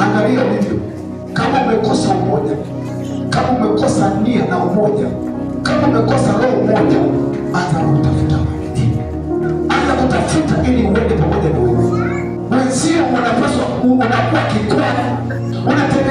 Angalia hivyo, kama umekosa umoja, kama umekosa nia na umoja, kama umekosa roho moja, anza kutafuta wengine, anza kutafuta ili uende pamoja na wewe mwenzio. unapaswa unakuwa kikwazo, unategemea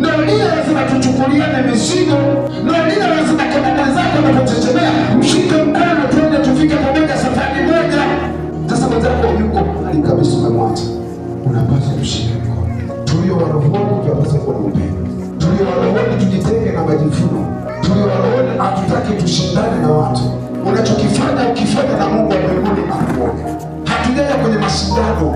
Ndio lile lazima tuchukuliane mizigo, ndio lile lazima kama mwenzako anapochechemea mshike mkono, tuende tufike pamoja safari moja. Sasa mwenzako yuko hali kabisa, umemwacha, unapaswa mshike mkono. Tulio wa rohoni tunapaswa kuwa na upendo, tulio wa rohoni tujitenge na majifuno, tulio wa rohoni hatutaki tushindane na watu. Unachokifanya ukifanya na Mungu wa mbinguni anakuona. Hatujaja kwenye mashindano.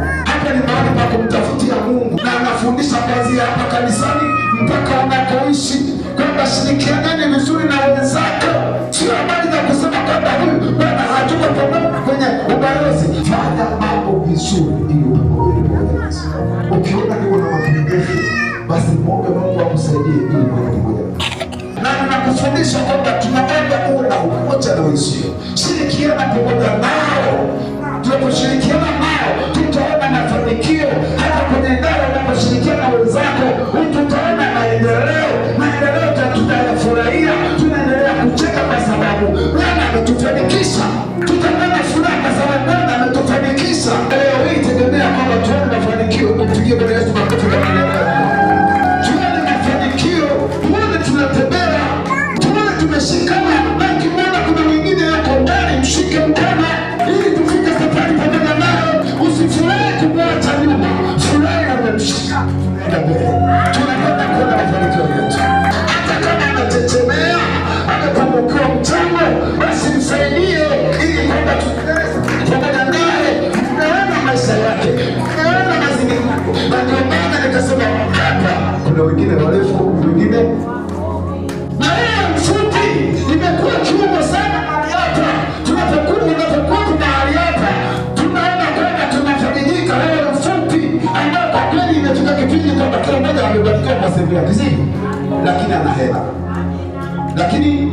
tusaidie ili kwa na tunakufundisha kwamba tunapenda kuwa na umoja na wenzio, shirikiana pamoja nao tumeshika tunaenda mbele, tunakwenda kuona mafanikio yetu, hata kama amechechemea, amepungukiwa mchango, basi msaidie ili kwamba pamoja naye tunaona maisha yake, tunaona mazingira, na ndio maana nikasema hapa kuna wengine warefu, wengine katika kipindi kwamba kila mmoja amebarikiwa kwa sehemu yake, si lakini ana hela, lakini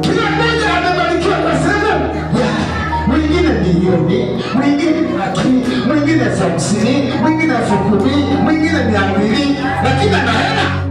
kila mmoja amebarikiwa kwa sehemu yake. Mwingine milioni, mwingine laki, mwingine hamsini, mwingine elfu kumi, mwingine mia mbili, lakini ana hela.